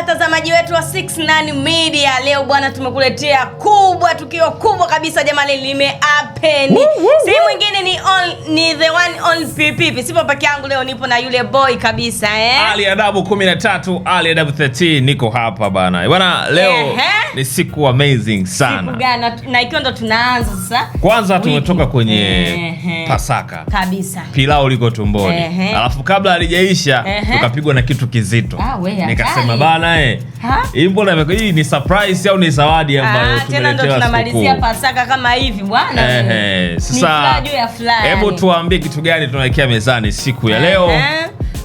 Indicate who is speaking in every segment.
Speaker 1: watazamaji wetu wa 69 Media, leo bwana, tumekuletea kubwa, tukio kubwa kabisa jamani, limeapen. Si mwingine ni on, ni the one on PP. Sipo peke yangu leo, nipo na yule boy kabisa eh? Ali
Speaker 2: Adabu 13, Ali Adabu 13, niko hapa bana bwana, leo Ehe. ni siku amazing sana
Speaker 1: siku na ikiwa ndo tunaanza sasa.
Speaker 2: Kwanza tumetoka kwenye Ehe. Pasaka kabisa, pilau liko tumboni, alafu kabla alijaisha tukapigwa na kitu kizito ah, nikasema bana naye. Hii mbona hii ni surprise au ni zawadi ah, ambayo tumeletewa? Tena ndo tunamalizia
Speaker 1: Pasaka kama hivi bwana. Ehe,
Speaker 2: sasa hebu tuambie kitu gani tunawekea mezani siku ya leo?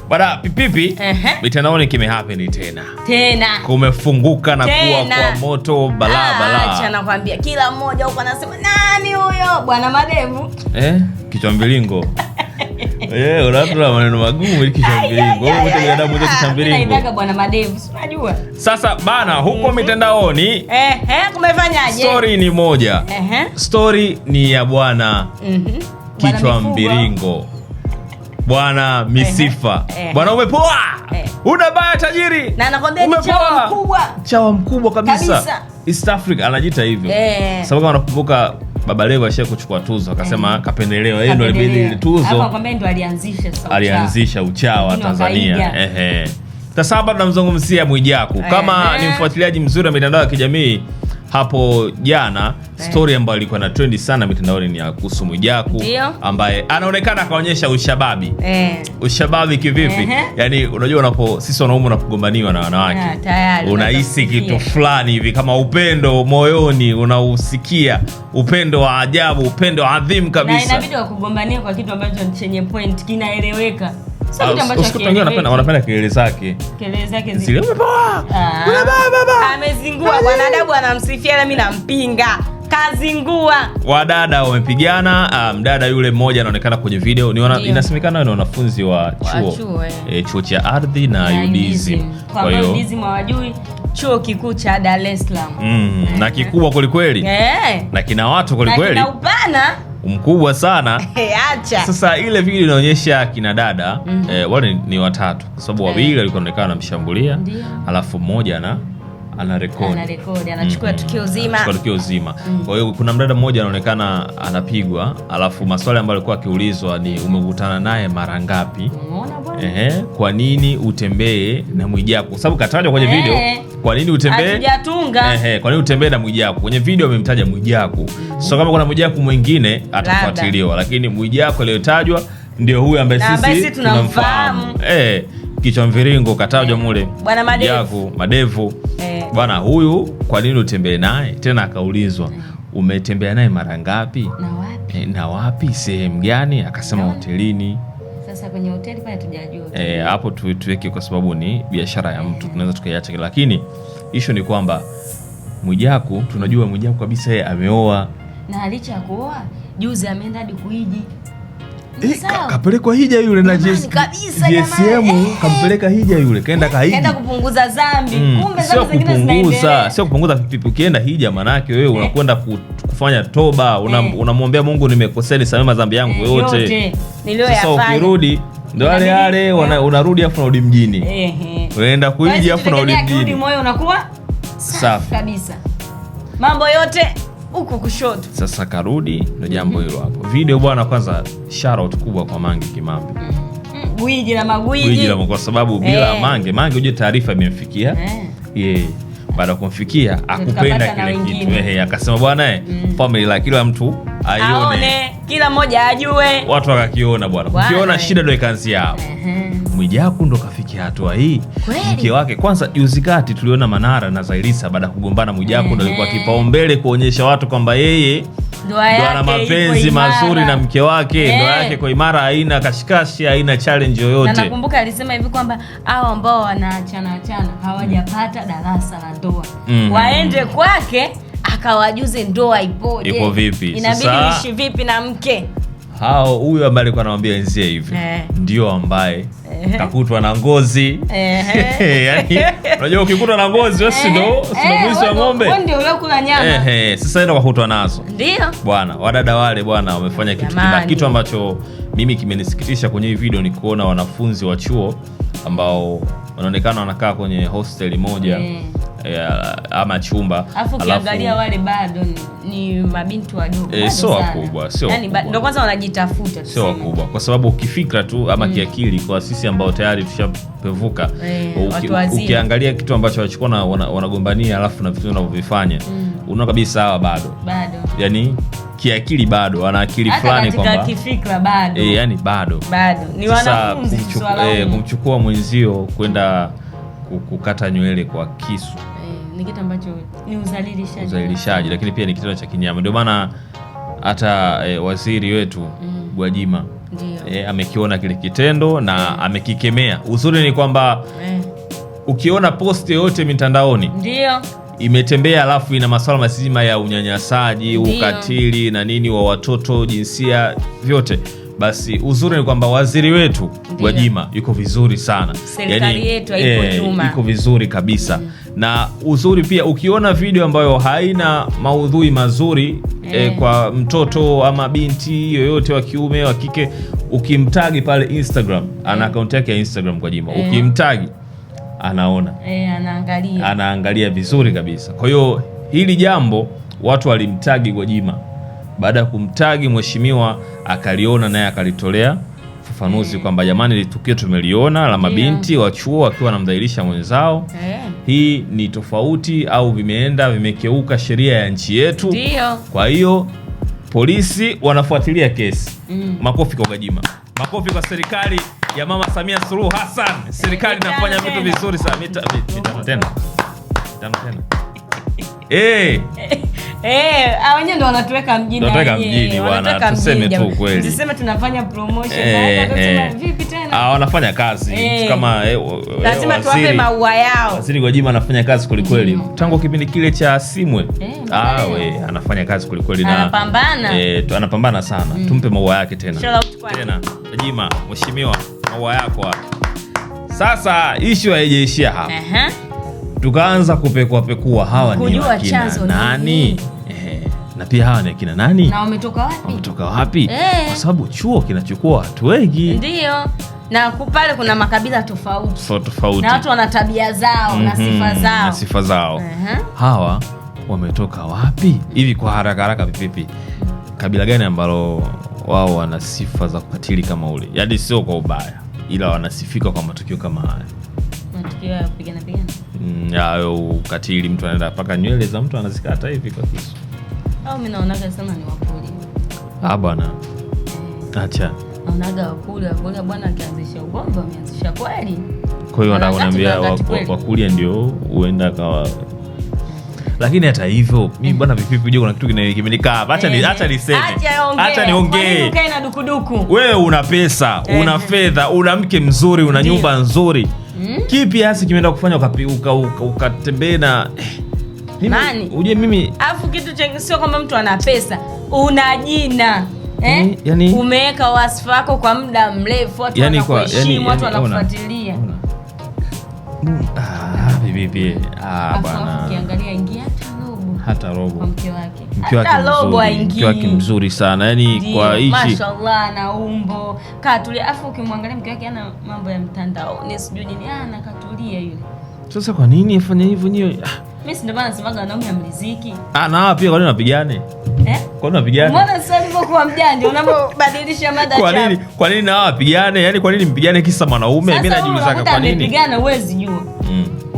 Speaker 2: Bada pipipi mitandaoni kimehapeni tena tena, kumefunguka na kuwa kwa moto balaa ah, balaa. Acha
Speaker 1: nakwambia, kila mmoja huko anasema nani huyo bwana madevu
Speaker 2: eh, kichwa mviringo Eh, maneno magumu Sasa bana huko mm -hmm. mitandaoni
Speaker 1: eh, eh, Story
Speaker 2: ni moja eh, eh. Story ni ya bwana mm -hmm. kichwa mbiringo bwana misifa eh, eh. Bwana umepoa eh. Una baya tajiri chawa mkubwa, kabisa. Kabisa. East Africa hivyo eh. Sababu anakumbuka Baba Levo asha kuchukua tuzo akasema eh. kapendelewa, yeye ndo alibidi ile tuzo
Speaker 1: alianzisha
Speaker 2: uchawa Tanzania. Ehe, sasa hapa tunamzungumzia Mwijaku kama eh. ni mfuatiliaji mzuri wa mitandao ya kijamii hapo jana yeah. Stori ambayo ilikuwa na trendi sana mitandaoni ni ya kuhusu Mwijaku ambaye anaonekana akaonyesha ushababi yeah. ushababi kivipi uh-huh. Yani unajua unapo sisi wanaume unapogombaniwa na wanawake
Speaker 1: yeah, unahisi
Speaker 2: kitu fulani hivi kama upendo moyoni unausikia upendo wa ajabu, upendo wa adhimu kabisa, na inabidi
Speaker 1: wakugombania kwa kitu ambacho chenye point kinaeleweka
Speaker 2: wanapenda kelele zake
Speaker 1: ah. amezingua bwanadabu anamsifia na mimi nampinga kazingua
Speaker 2: wadada wamepigana. Mdada um, yule mmoja anaonekana kwenye video ni wana, inasemekana ni wanafunzi wa chuo e, chuo cha ardhi na UDSM. Kwa hiyo
Speaker 1: hawajui chuo kikuu cha Dar es Salaam
Speaker 2: mm, na kikubwa kwelikweli yeah. na kina watu kwelikweli na kina upana mkubwa sana.
Speaker 1: Acha. Sasa
Speaker 2: ile video inaonyesha kina dada mm -hmm. eh, wale ni watatu kwa sababu wawili walikuwa wanaonekana wanamshambulia alafu mmoja na anarekodi, mm.
Speaker 1: anarekodi anachukua mm, tukio zima, tukio
Speaker 2: zima. Mm. Kwa hiyo kuna mdada mmoja anaonekana anapigwa, alafu maswali ambayo alikuwa akiulizwa ni umekutana naye mara ngapi? Ehe, kwa nini utembee na Mwijaku? Kwa sababu katajwa kwenye video Kwa nini utembee?
Speaker 1: Hatujatunga. Ehe,
Speaker 2: kwa nini utembee na Mwijaku? Kwenye video amemtaja Mwijaku. So kama kuna Mwijaku mwingine atafuatiliwa, lakini Mwijaku aliyotajwa ndio huyu ambaye sisi tunamfahamu. Eh, kichwa mviringo katajwa eh, mule. Bwana madevu, madevu. Eh bwana huyu, kwa nini utembee naye tena? Akaulizwa, mm. umetembea naye mara ngapi na wapi, e, wapi sehemu gani? Akasema ah. hotelini.
Speaker 1: Sasa kwenye hoteli pale tujajua
Speaker 2: eh, hapo tuweke, kwa sababu ni biashara ya mtu, eh. tunaweza tukaiacha, lakini ishu ni kwamba Mwijaku, tunajua Mwijaku kabisa yeye ameoa,
Speaker 1: na licha kuoa juzi ameenda hadi kuiji Eh, kapelekwa
Speaker 2: hija yule na eh. kampeleka hija yule kaenda Kaenda
Speaker 1: kupunguza dhambi. Mm. Kumbe
Speaker 2: Sio kupunguza ukienda hija maana yake wewe eh. unakwenda kufanya toba, unamwombea una Mungu nimekosea, nisamehe madhambi yangu eh, yote.
Speaker 1: Sasa ukirudi
Speaker 2: ndo unarudi afu naudi mjini. Unaenda kuija afu unarudi mjini.
Speaker 1: Moyo unakuwa safi kabisa. Mambo yote huko kushoto.
Speaker 2: Sasa karudi ndo jambo hilo hapo. Video bwana, kwanza shoutout kubwa kwa Mange Kimambi mm,
Speaker 1: gwiji la magwiji,
Speaker 2: kwa sababu bila hey. Eh. Mange Mange ujue taarifa imemfikia hey. Eh. yeah. Baada ya kumfikia akupenda kile kitu ehe, akasema bwana eh, mm. family la kila mtu aione,
Speaker 1: kila mmoja ajue,
Speaker 2: watu wakakiona bwana, ukiona shida ndio ikaanzia hapo. Mwijaku ndo kafikia hatua hii. Mke wake kwanza, juzi kati tuliona Manara na Zailisa baada ya kugombana, Mwijaku ndo alikuwa kipaumbele kuonyesha watu kwamba yeye
Speaker 1: ndo ana mapenzi mazuri na
Speaker 2: mke wake, ndoa yake kwa imara, haina kashikashi, haina challenge yoyote. Na
Speaker 1: nakumbuka alisema hivi kwamba hao ambao wanaachana achana hawajapata darasa la ndoa
Speaker 2: mm. waende
Speaker 1: kwake akawajuze ndoa ipoje, ipo vipi, inabidi ishi vipi na mke
Speaker 2: hao huyo ambaye alikuwa anamwambia wenzie hivi eh, ndio ambaye eh, kakutwa na ngozi yani unajua ukikutwa na ngozi wewe si ndo
Speaker 1: eh, wa ng'ombe ndio unakula nyama
Speaker 2: eh, sasa ndio kakutwa nazo ndio bwana wadada wale bwana wamefanya kitu kibaya, kitu ambacho mimi kimenisikitisha kwenye hii video ni kuona wanafunzi wa chuo ambao wanaonekana wanakaa kwenye hosteli moja eh yeah, ama chumba. Alafu ukiangalia wale
Speaker 1: bado ni mabinti wadogo eh, sio wakubwa, sio yani ndio kwanza wanajitafuta, sio
Speaker 2: wakubwa kwa sababu ukifikra tu ama mm. kiakili kwa sisi ambao tayari tushapevuka eh, uki, ukiangalia kitu ambacho wachukua na wanagombania alafu na vitu wanavyovifanya mm. unaona kabisa hawa bado bado yani kiakili bado ana akili fulani kwamba
Speaker 1: kifikra bado e, eh,
Speaker 2: yani bado bado
Speaker 1: ni wanafunzi kumchukua, e, eh,
Speaker 2: kumchukua mwenzio kwenda kukata nywele kwa kisu
Speaker 1: ni kitu ambacho ni uzalilishaji,
Speaker 2: uzalilishaji, lakini pia ni kitendo cha kinyama. Ndio maana hata e, waziri wetu mm. Gwajima e, amekiona kile kitendo na mm. amekikemea. Uzuri ni kwamba eh. ukiona posti yoyote mitandaoni ndio imetembea alafu ina masuala mazima ya unyanyasaji, ukatili na nini wa watoto, jinsia vyote basi uzuri ni kwamba waziri wetu Gwajima yuko vizuri sana, serikali yaani, yetu haipo eh, nyuma, vizuri kabisa mm. Na uzuri pia ukiona video ambayo haina maudhui mazuri e. E, kwa mtoto ama binti yoyote wa kiume wa kike, ukimtagi pale Instagram ana akaunti yake ya Instagram Gwajima e. Ukimtagi anaona
Speaker 1: e, anaangalia,
Speaker 2: anaangalia vizuri kabisa. Kwa hiyo hili jambo watu walimtagi Gwajima baada ya kumtagi mheshimiwa, akaliona naye akalitolea fafanuzi mm. kwamba jamani, ile tukio tumeliona la mabinti wa chuo wakiwa wanamdhalilisha mwenzao eh. Hii ni tofauti au vimeenda vimekeuka sheria ya nchi yetu Dio. Kwa hiyo polisi wanafuatilia kesi mm. Makofi kwa Gwajima, makofi kwa serikali ya Mama Samia Suluhu Hassan, serikali inafanya vitu vizuri sana. Mitano tena, mitano tena. Eh.
Speaker 1: Eh, ah, wenyewe ndo wanatuweka mjini. Wanatuweka mjini bwana. Tuseme tu kweli. Tuseme tunafanya promotion eh, eh. ah,
Speaker 2: wanafanya kazi. Kama lazima tuwape maua yao. Waziri Gwajima anafanya kazi kwelikweli mm. Tangu kipindi kile cha Simwe. Ah, anafanya kazi kwelikweli na anapambana. sana. Mm. Tumpe maua yake tena. Tena. Gwajima, mheshimiwa, maua yako Sasa ishu haijaishia hapa. Tukaanza kupekuapekua hawa ni wakina nani? na pia hawa ni akina nani na wametoka wapi, wametoka wapi? Hey. Eh. Kwa sababu chuo kinachukua watu wengi
Speaker 1: ndio na pale kuna makabila tofauti
Speaker 2: so, tofauti na watu
Speaker 1: wana tabia zao mm -hmm. na mhm. sifa zao, na
Speaker 2: sifa zao. Uh -huh. Hawa wametoka wapi hivi kwa haraka haraka, vipipi, kabila gani ambalo wao wana sifa za ukatili kama ule, yaani sio kwa ubaya, ila wanasifika kwa matukio kama haya,
Speaker 1: matukio ya kupigana pigana,
Speaker 2: mm, ukatili, mtu anaenda mpaka nywele za mtu anazikata hivi kwa kisu
Speaker 1: au mimi naonaga sana ni
Speaker 2: ah, bwana, acha
Speaker 1: naonaga Bwana akianzisha ugomvi ameanzisha kweli.
Speaker 2: Kwa hiyo wakulia ndio huenda kawa lakini hata hivyo mi eh. bwana, vipipi je, kuna kitu kimenikaa. Eh. nisemehata niongee. Wewe una pesa, eh. una fedha, una mke mzuri, una nyumba nzuri, hmm? kipi hasi kimeenda kufanya ukatembee na nani ujue mimi
Speaker 1: afu kitu chengi sio kwamba mtu ana pesa una jina eh? yani, umeweka wasifu wako kwa muda mrefu watu yani, wanakuheshimu watu wanakufuatilia
Speaker 2: ah, bibi ah, bwana ukiangalia
Speaker 1: ingia hata robo mke wake
Speaker 2: mzuri sana yani Di, kwa hichi mashallah
Speaker 1: na umbo katulia, afu ukimwangalia mke wake ana mambo ya mtandao ni sijui nini, ah, ana katulia yule.
Speaker 2: Sasa kwa nini afanya hivyo nyewe?
Speaker 1: Mimi wanaume hamriziki.
Speaker 2: Ah, na pia eh? kwa nini unapigane? Eh? Kwa nini unapigane? wapigane? Yaani kwa nini mpigane kisa mwanaume? Mimi najiuliza kwa nini? Mpigana
Speaker 1: mm.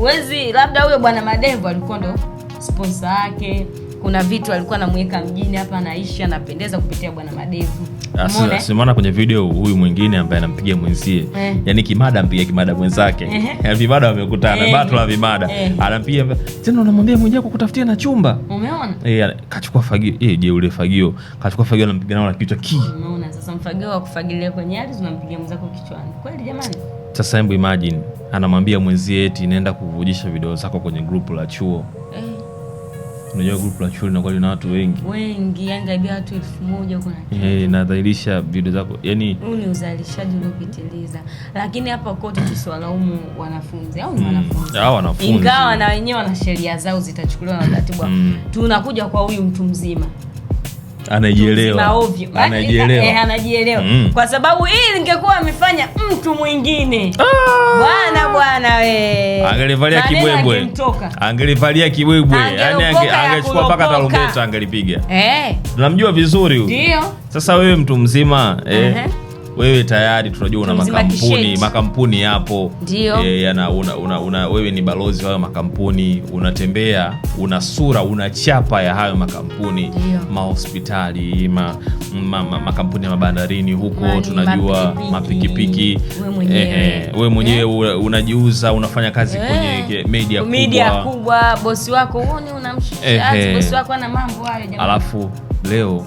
Speaker 1: labda huyo bwana Madevo alikuwa ndo sponsa yake kuna vitu alikuwa anamweka mjini hapa, anaishi anapendeza kupitia bwana madevu. Ah, Simaona
Speaker 2: eh? kwenye video huyu mwingine ambaye anampigia mwenzie eh. Yani kimada mpiga kimada mwenzake eh. eh. Vimada wamekutana eh. Bato la vimada eh. Anampiga tena, unamwambia mwenyewe kukutafutia na chumba, umeona eh, kachukua fagio eh, je ule fagio kachukua fagio, anampiga nao na kichwa ki,
Speaker 1: umeona sasa, mfagio wa kufagilia kwenye ardhi unampigia mwenzako kichwani, kweli jamani?
Speaker 2: Sasa hebu imagine, anamwambia mwenzie eti naenda kuvujisha video zako kwenye grupu la chuo unajua group la shule linakuwa lina watu wengi
Speaker 1: wengi, yani watu elfu moja huko
Speaker 2: na eh, nadhalilisha video zako, yani
Speaker 1: huu ni uzalishaji uliopitiliza. Lakini hapa kote tusiwalaumu wanafunzi au ni mm. wanafunzi
Speaker 2: hao, wanafunzi ingawa na
Speaker 1: wenyewe wana sheria zao zitachukuliwa na taratibu, mm. tunakuja kwa huyu mtu mzima
Speaker 2: anajielewa eh, anajielewa eh,
Speaker 1: anajielewa mm. kwa sababu hii lingekuwa amefanya mtu mwingine ah. bwana bwana we angelivalia kibwebwe
Speaker 2: angelivalia kibwebwe yani angechukua mpaka tarumbeta angelipiga eh. tunamjua vizuri huyu sasa wewe mtu mzima eh. uh-huh wewe tayari tunajua una makampuni makampuni yapo e, yana, una, una, una, wewe ni balozi wa hayo makampuni unatembea una sura una chapa ya hayo makampuni mahospitali ma, ma, ma, makampuni ya mabandarini huko Mali, tunajua mapikipiki wewe mwenyewe eh, eh, eh. unajiuza unafanya kazi eh, kwenye media kubwa, media
Speaker 1: kubwa bosi wako huoni unamshika bosi wako ana mambo hayo jamani. alafu
Speaker 2: leo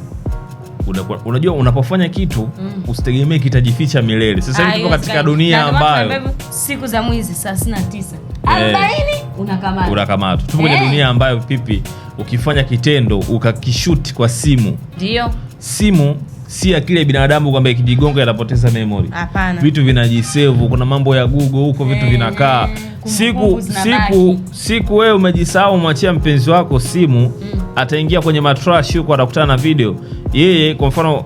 Speaker 2: unajua unapofanya kitu mm. usitegemee kitajificha milele. Sasa hivi tupo katika dunia ambayo
Speaker 1: siku za mwizi saa 69 eh. unakamatwa,
Speaker 2: unakamatwa. Tupo kwenye eh. dunia ambayo pipi, ukifanya kitendo ukakishuti kwa simu, ndio simu si akili ya binadamu kwamba ikijigonga inapoteza memory. Hapana. Vitu vinajisevu, kuna mambo ya Google huko vitu hey, eh, vinakaa siku siku siku, wewe umejisahau, mwachia mpenzi wako simu mm. Ataingia kwenye matrash huko, atakutana na video yeye, kwa mfano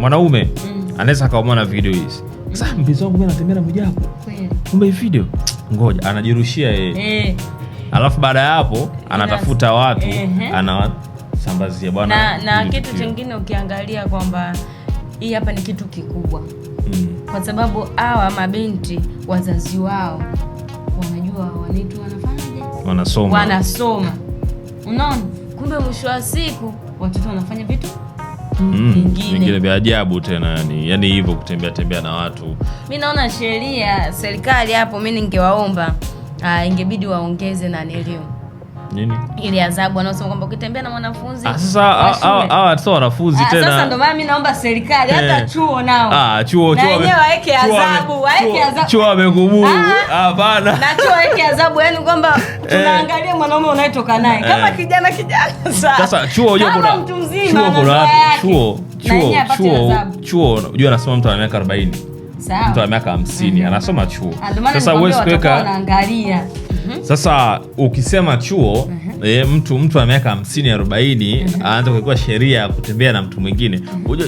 Speaker 2: mwanaume mm. anaweza na video hizi sasa, mpenzi wangu anatembea na mjapo, kumbe video ngoja, anajirushia yeye hey. Eh. Alafu baada ya hapo anatafuta watu hey. ana kusambazia bwana. Na, na kitu chingine
Speaker 1: ukiangalia kwamba hii hapa ni kitu kikubwa mm. kwa sababu hawa mabinti wazazi wao wanajua wanaitwa wanafanyaje, wanasoma wanasoma, unaona, kumbe mwisho wa siku watoto wanafanya vitu
Speaker 2: mm. vingine mm, vya ajabu tena yani, yani hivyo kutembea tembea na watu.
Speaker 1: Mi naona sheria serikali hapo, mi ningewaomba ah, ingebidi waongeze nilio ili ile adhabu wanaosema kwamba ukitembea na mwanafunzi ah, sasa. Hawa ah,
Speaker 2: ah, sio wanafunzi tena. Sasa ndio
Speaker 1: maana mimi naomba serikali hata eh. chuo nao, ah,
Speaker 2: chuo chuo wenyewe waweke adhabu,
Speaker 1: waweke adhabu, chuo
Speaker 2: wamekuburu, hapana na
Speaker 1: chuo waweke adhabu, yani kwamba eh. tunaangalia mwanaume unaitoka naye eh. kama kijana kijana. Sasa chuo unajua kuna mtu mzima, chuo chuo chuo
Speaker 2: chuo, unajua anasema mtu ana miaka 40 mtu ana miaka 50 mhm. anasoma chuo. Ah, sasa huwezi kuweka
Speaker 1: mhm.
Speaker 2: Mhm. sasa ukisema chuo E, mtu mtu wa miaka 50 40 uh Anaanza kuwekewa sheria ya kutembea na mtu mwingine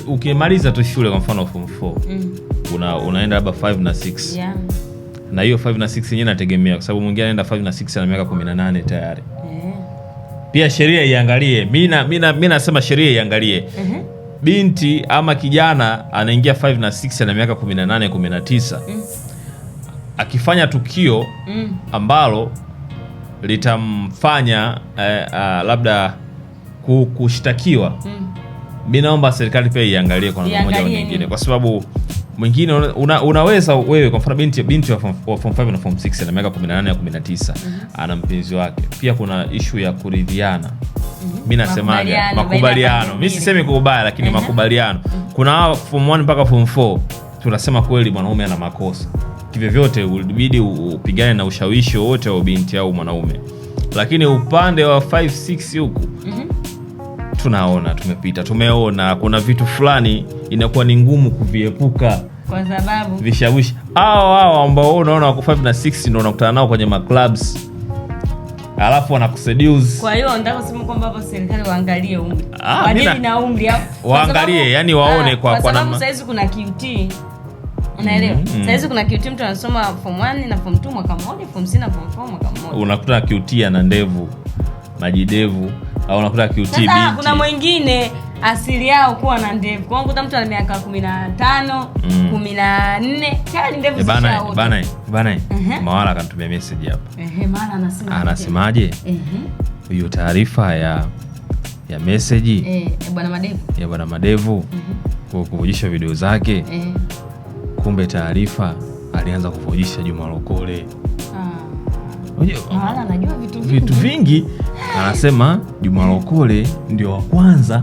Speaker 2: Ukimaliza tu shule kwa mfano form 4 Una, unaenda labda 5 na 6 yeah. Na hiyo 5 na 6 yenyewe inategemea kwa sababu mwingine anaenda 5 na 6 ana miaka 18 tayari yeah. Pia sheria iangalie, mi nasema sheria iangalie uh -huh binti ama kijana anaingia 5 na 6 ana miaka 18 19, mm. akifanya tukio mm. ambalo litamfanya eh, uh, labda kushtakiwa mm. mi naomba serikali pia iangalie kwa namna moja nyingine, kwa sababu mwingine una, unaweza wewe kwa mfano binti, binti wa form 5 na form 6 na miaka 18 na 19 mhm. ana mpenzi wake. Pia kuna ishu ya kuridhiana, mhm. mi nasemaga makubaliano, mi sisemi kubaya, lakini mhm. makubaliano. Kuna form 1 mpaka form 4 tunasema kweli mwanaume ana makosa kivyovyote, ulibidi upigane na ushawishi wowote wa binti au mwanaume, lakini upande wa 5 6 huku mm -hmm tunaona tumepita, tumeona kuna vitu fulani inakuwa ni ngumu kuviepuka
Speaker 1: kwa sababu
Speaker 2: vishawishi hao hao ambao unaona wako 5 na 6 ndio unakutana nao kwenye maclubs alafu wanakuseduce. Kwa
Speaker 1: hiyo nataka kusema kwamba hapo serikali waangalie umri, ah, kwa nini na umri hapo waangalie, yani waone ah, kwa kwa sababu sasa hizi kuna QT unaelewa mm mm-hmm, -hmm. sasa hizi kuna QT mtu anasoma form 1 na form 2 mwaka mmoja, form 6 na form 4 mwaka mmoja,
Speaker 2: unakuta QT ana ndevu majidevu au unakuta QT binti. Sasa kuna
Speaker 1: mwingine asili yao kuwa na ndevu. Kwa hiyo mtu ana miaka 15, 14, mm. tayari ndevu eh, zishaota. Bana bana
Speaker 2: bana. Mawala akanitumia message hapa.
Speaker 1: Ehe, Mawala anasema. Anasemaje? Ehe.
Speaker 2: Hiyo taarifa ya ya message eh,
Speaker 1: eh, bwana Madevu.
Speaker 2: Ya bwana Madevu. Kwa kuvujisha video zake. Eh. Kumbe taarifa alianza kuvujisha Juma Lokole.
Speaker 1: Ah. Unajua, anajua vitu vingi. Vitu vingi
Speaker 2: anasema Juma Lokole ndio wa kwanza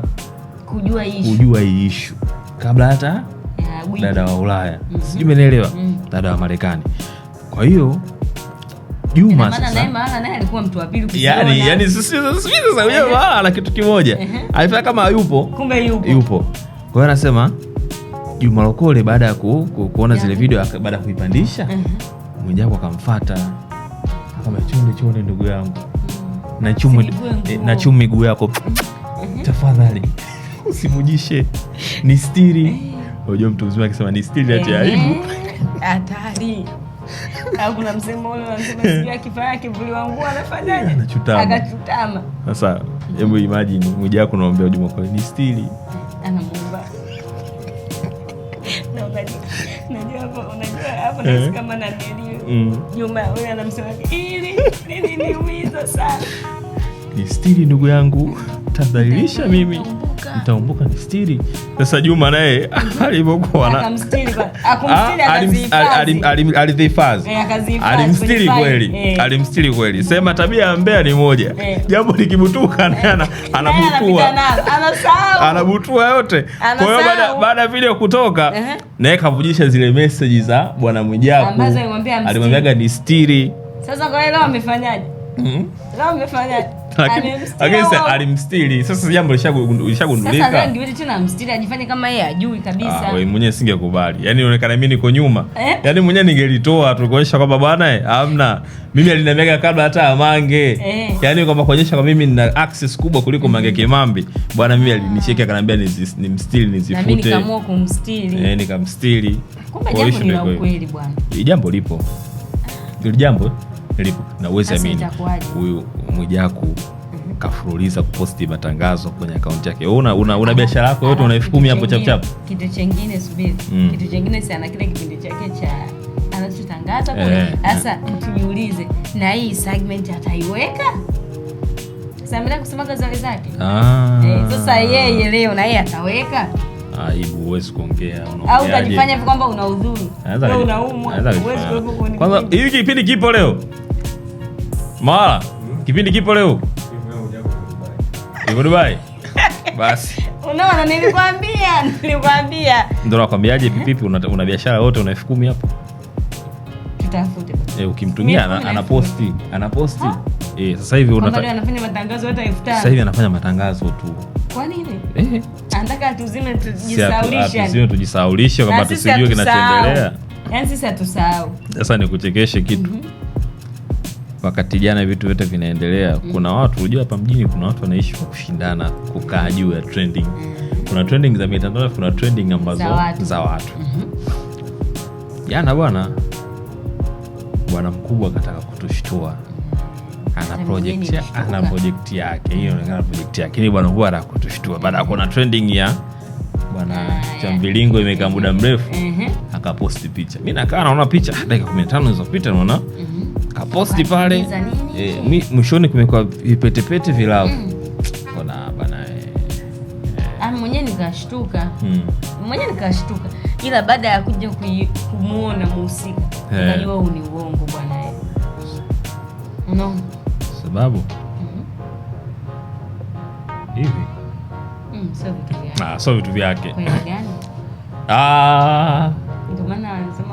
Speaker 1: kujua
Speaker 2: hii ishu kabla hata dada wa Ulaya mm -hmm. sijui umenielewa mm -hmm. dada wa Marekani. Kwa hiyo Juma sasa
Speaker 1: yani yani sisi
Speaker 2: kitu kimoja alifanya kama yupo kumbe yupo yupo. Kwa hiyo anasema Juma Lokole baada ya ku, ku, kuona zile video baada ya kuipandisha uh -huh. Mwijaku akamfuata akamwambia, chonde chonde ndugu yangu nachumu miguu yako mhm. tafadhali, usimujishe ni stiri. Eh. Unajua mtu mzima akisema ni stiri ati eh. aibu,
Speaker 1: hatari kuna msemo ule anasema sijui kifaa yake vuliwa nguo anafanyaje? Anachutama. Akachutama.
Speaker 2: Sasa hebu imagine mmoja wako unaombea Juma kwa ni stiri
Speaker 1: Anamuomba. Na unajua unajua hapo nasikia eh. kama na Mm. ya wewe anamsema ili nini niumiza sana.
Speaker 2: Jistiri ndugu yangu, tadhalilisha mimi nitaumbuka nistiri Sasa Juma naye alivyokuwa ah, alizihifadhi,
Speaker 1: eh, alimstiri kweli, eh.
Speaker 2: alimstiri kweli. Sema tabia ya mbea ni moja, eh. jambo likibutuka naye anabutua, anabutua yote. Kwa hiyo baada ya video kutoka, naye kavujisha zile meseji za bwana Mwijaku alimwambiaga ni stiri.
Speaker 1: Sasa kwa hiyo leo amefanyaje? mm -hmm.
Speaker 2: alimstiri. Sasa jambo lishagundulika,
Speaker 1: mstiri ajifanye kama yeye ajui ah,
Speaker 2: mwenyewe singekubali, yaani inaonekana mimi niko nyuma eh? Yaani mwenyewe ningelitoa tukuonyesha kwamba bwana, eh, hamna mimi alinamiaga kabla hata amange Mange eh. Yaani kwamba kuonyesha kwa mimi nina access kubwa kuliko Mange mm. Kimambi bwana, mimi ah. alinishika akaniambia nimstiri, nizifute, nikaamua eh, ni la ukweli bwana, jambo lipo, hili jambo lipo na uwezi amini, huyu Mwijaku mhm. kafuruliza kuposti matangazo kwenye akaunti yake. Una, una, una ah, biashara yako yote ah, una elfu kumi hapo chap chap.
Speaker 1: Kitu chengine subiri, mm. kitu chengine ana kile kipindi chake cha anachotangaza kule. Sasa eh, eh. tujiulize na hii segment ataiweka Samira kusema kazi zake.
Speaker 2: Ah. Eh, sasa yeye leo na yeye ataweka aibu, huwezi kuongea, unaongea au unajifanya
Speaker 1: kwamba una udhuru, wewe unaumwa,
Speaker 2: kwanza. Hiki kipindi kipo leo mara kipindi kipo leo iko Dubai. Basi
Speaker 1: unaona, nilikwambia nilikwambiaje?
Speaker 2: Ndio nakwambiaje? Pipipi, una biashara yote una elfu kumi hapo Eh, ukimtumia anaposti anaposti. Eh, sasa hivi anafanya
Speaker 1: matangazo hata elfu tano. Sasa hivi anafanya
Speaker 2: matangazo tu. Kwa nini? Eh.
Speaker 1: Anataka tuzime tujisahaulishe. Tuzime
Speaker 2: tujisahaulishe kama tusijue kinachoendelea.
Speaker 1: Yaani sisi hatusahau.
Speaker 2: Sasa nikuchekeshe kitu mm -hmm wakati jana vitu vyote vinaendelea mm. kuna watu hujua hapa mjini kuna watu wanaishi kwa kushindana kukaa juu ya trending mm. kuna trending za mitandao kuna trending ambazo za watu, za watu. Mm-hmm. jana bwana bwana mkubwa akataka kutushtua mm. ana project ana project yake hiyo inaonekana project yake ni bwana mkubwa anataka kutushtua baada ya kuona trending ya bwana cha mvilingo imekaa muda mrefu mm-hmm. akaposti picha mi nakaa naona picha dakika kumi na tano ilizopita naona mm-hmm kaposti pale e, mwishoni kumekuwa vipetepete vilavu mm. bana eh,
Speaker 1: eh. ah, mwenyewe nikashtuka mm. mwenyewe nikashtuka, ila baada ya kuja kumwona muhusika najua huu ni uongo bwana no.
Speaker 2: sababu mm-hmm. hivi mm. mm, vitu vyake kwa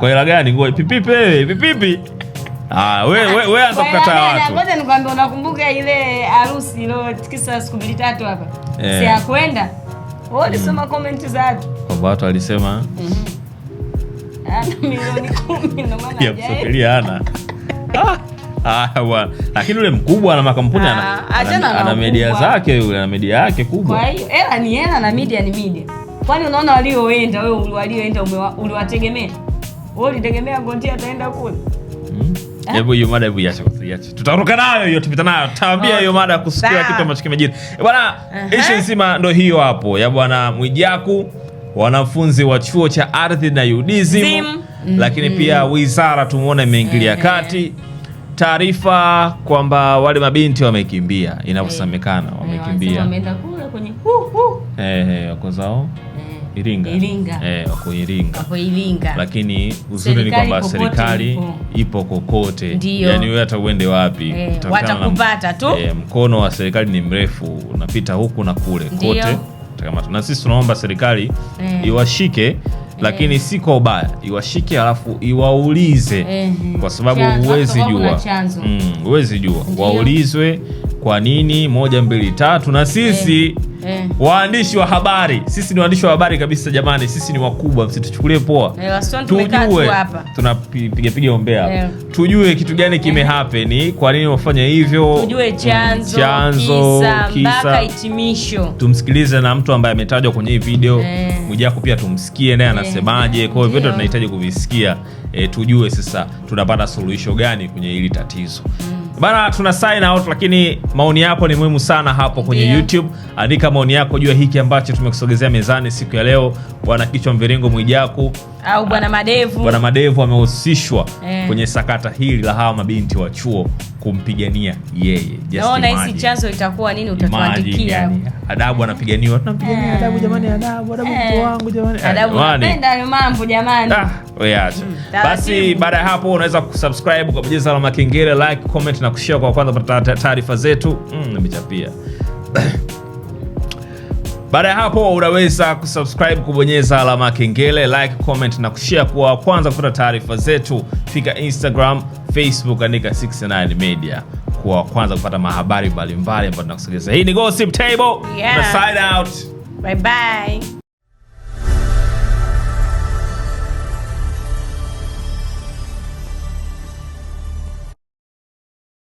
Speaker 2: hela gani? Ah. nguo kwa pipipi pipipi Ah, we anza watu. Ngoja
Speaker 1: nikwambie unakumbuka ile harusi ile tikisa siku mbili tatu hapa. Eh. Si akwenda. comment za watu.
Speaker 2: Kwa watu alisema.
Speaker 1: Mm-hmm. Ana milioni ndo maana ah.
Speaker 2: Ah, lakini yule mkubwa na makampuni ana ah, ana media zake yule, ana media yake kubwa. Kwa
Speaker 1: hiyo hela ni hela na media ni media. Kwani unaona walioenda wewe walioenda uliwategemea? Wewe ulitegemea Gontia ataenda kule?
Speaker 2: Hmm? Eh? Hebu hiyo mada hebu iache iache, Tutaruka nayo hiyo tupita nayo. Tutaambia hiyo mada kusikia kitu ambacho kimejiri. Eh, bwana, ishi nzima ndo hiyo hapo ya Bwana Mwijaku wanafunzi wa chuo cha ardhi na UDSM lakini mm -hmm. pia wizara tumuona imeingilia kati taarifa kwamba wale mabinti wamekimbia inavyosemekana, wamekimbia wameenda kule kwenye eh eh kwa zao Iringa, Iringa. E, eh, wako Iringa. Wako Iringa, lakini uzuri ni kwamba serikali ipo kokote, yaani wewe hata uende wapi e, watakupata tu e, mkono wa serikali ni mrefu, unapita huku na kule kote, na sisi tunaomba serikali e, iwashike lakini si kwa ubaya, iwashike alafu iwaulize, kwa sababu mm, huwezi jua, huwezi jua, waulizwe kwa nini moja mbili tatu, na sisi eh, eh, waandishi wa habari, sisi ni waandishi wa habari kabisa jamani, sisi ni wakubwa, msituchukulie poa
Speaker 1: eh, tujue
Speaker 2: tunapigapiga ombea eh, tujue eh. kitu gani kime eh, kwa nini wafanya hivyo, tujue
Speaker 1: mm, chanzo, chanzo kisa, kisa,
Speaker 2: Tumsikilize na mtu ambaye ametajwa kwenye hii video eh, mwijako pia tumsikie naye eh. anasemaje eh, kwa hiyo vyote tunahitaji kuvisikia eh, tujue sasa tunapata suluhisho gani kwenye hili tatizo mm. Bana, tuna sign out, lakini maoni yako ni muhimu sana hapo kwenye yeah, YouTube. Andika maoni yako juu ya hiki ambacho tumekusogezea mezani siku ya leo bwana kichwa mviringo Mwijaku
Speaker 1: au bwana ah, Madevu, bwana
Speaker 2: Madevu amehusishwa eh, kwenye sakata hili la hawa mabinti wa chuo kumpigania yeye. Naona hisi
Speaker 1: chanzo itakuwa nini, utatuandikia
Speaker 2: adabu anapiganiwa,
Speaker 1: tunampigania eh. adabu jamani, adabu adabu, mtu eh. wangu jamani, adabu eh, napenda mambo jamani. Ah,
Speaker 2: hmm, Basi baada ya hapo unaweza kusubscribe kwa bonyeza alama kengele, like, comment na kushare kwa kwanza kupata taarifa zetu. Hmm, Nimechapia mm, Baada ya hapo, unaweza kusubscribe, kubonyeza alama kengele, like, comment na kushare kwa wa kwanza kupata taarifa zetu. Fika Instagram, Facebook, andika 69 Media kwa wa kwanza kupata mahabari mbalimbali ambayo tunakusogeza. Hii ni Gossip Table. Yeah. side out.
Speaker 1: Bye bye.